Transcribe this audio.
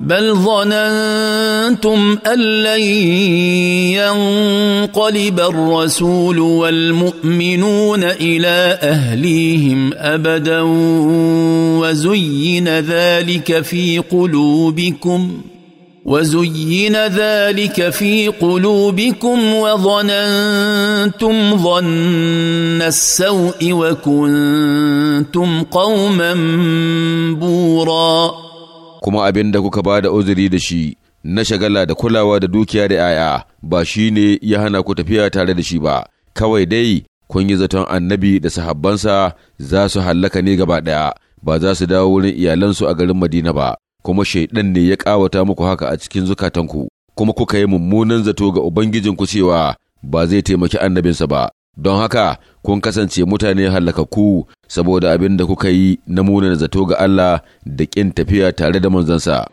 بل ظننتم ان لن ينقلب الرسول والمؤمنون الى اهليهم ابدا وزين ذلك في قلوبكم وزين ذلك في قلوبكم وظننتم ظن السوء وكنتم قوما بوراً kuma abin da kuka ba da uzuri da shi na shagala da kulawa da dukiya da 'ya'ya ba shi ne ya hana ku tafiya tare da shi ba kawai dai kun yi zaton annabi da sahabbansa za su hallaka ne gaba ɗaya ba za su dawo wurin iyalansu a garin madina ba kuma shaidan ne ya ƙawata muku haka a cikin zukatanku kuma kuka yi mummunan zato ga ubangijinku cewa ba zai taimaki annabinsa ba don haka kun kasance mutane ku saboda abin da kuka yi na munar zato ga Allah da ƙin tafiya tare da manzansa.